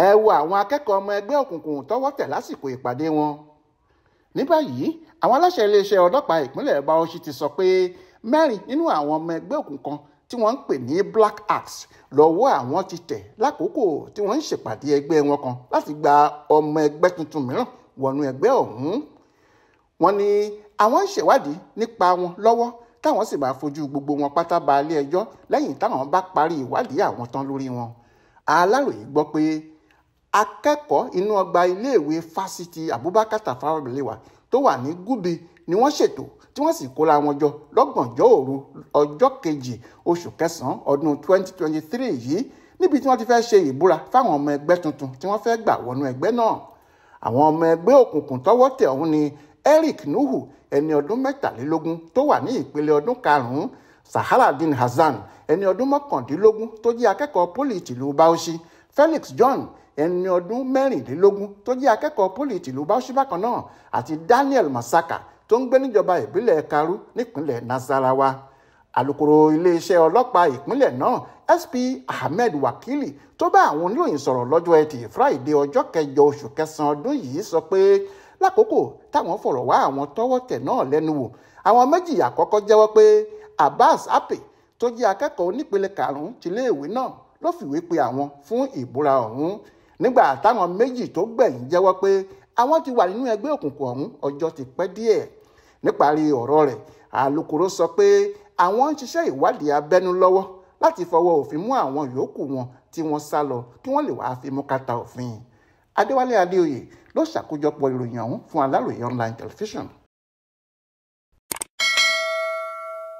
ẹ wo àwọn akẹ́kọ̀ọ́ ọmọ ẹgbẹ́ òkùnkùn tọ́wọ́ tẹ̀ lásìkò ìpàdé wọn ní báyìí àwọn aláṣẹ iléeṣẹ́ ọlọ́pàá ìpínlẹ̀ Bauchi ti sọ pé mẹ́rin nínú àwọn ọmọ ẹgbẹ́ òkùnkùn tí wọ́n ń pè ní black axe lọ́wọ́ àwọn ti tẹ̀ lákòókò tí wọ́n ń ṣèpàdé ẹgbẹ́ wọn kan láti gba ọmọ ẹgbẹ́ tuntun mìíràn wọnú ẹgbẹ́ ọ̀hún wọ́n ní àwọn ń ṣèwádìí nípa wọn lọ́wọ́ táwọn sì máa fojú gbogbo wọn pátá ba ilé ẹjọ́ lẹ́yìn táwọn bá parí ìwádìí àwọn tán lórí wọn Aláròyé gbọ́ pé akẹ́kọ̀ọ́ inú ọgbà iléèwé fásitì Abubakar Tafawa Balewa tó wà ní Gúbi ni wọ́n ṣètò tí wọ́n sì kóra wọn jọ lọ́gànjọ́ òru ọjọ́ kejì oṣù kẹsàn-án ọdún 2023 yìí níbi tí wọ́n ti fẹ́ ṣe ìbúra fáwọn ọmọ ẹgbẹ́ tuntun tí wọ́n fẹ́ gbà wọnú ẹgbẹ́ náà àwọn ọmọ ẹgbẹ́ òkùnkùn tọ́wọ́ tẹ̀ ọ̀hún ni Eric Nuhu ẹni ọdún mẹ́tàlélógún tó wà ní ìpele ọdún karùn-ún Sahaladin Hasan ẹni ọdún mọ́kàndínlógún tó jẹ́ akẹ́kọ̀ọ́ pólì tìlú Bauchi Felix John ẹni ọdún mẹ́rìndínlógún tó jẹ́ akẹ́kọ̀ọ́ poli tìlú Bauchi bákan náà àti Daniel Masaka tó ń gbé níjọba ìbílẹ̀ Karu nípínlẹ̀ Nasarawa alukoro iléeṣẹ́ ọlọ́pàá ìpínlẹ̀ náà SP Ahmed Wakili tó bá àwọn oníròyìn sọ̀rọ̀ lọ́jọ́ Ẹtì Friday ọjọ́ kẹjọ oṣù kẹsàn-án ọdún yìí sọ pé lákòókò táwọn fọ̀rọ̀ wá àwọn tọ́wọ́ tẹ̀ náà lẹ́nu wò àwọn méjì àkọ́kọ́ jẹ́wọ́ pé Abbas Ape tó jẹ́ akẹ́kọ̀ọ́ onípele karùn-ún tiléèwé náà ló fìwé pe àwọn fún ìbúra ọ̀hún nígbà táwọn méjì tó gbẹ̀yìn jẹ́wọ́ pé àwọn ti wà nínú ẹgbẹ́ òkùnkùn ọ̀hún ọjọ́ ti pẹ́ díẹ̀ níparí ọ̀rọ̀ rẹ̀ alukoro sọ pé àwọn ń ṣiṣẹ́ ìwádìí abẹ́nú lọ́wọ́ láti fọwọ́ òfin mú àwọn yòókù wọn tí wọ́n sá lọ kí wọ́n lè wáá fi mú kàtà òfin adéwálé adéoyè ló ṣàkójọpọ̀ ìròyìn ọ̀hún fún aláròye online television.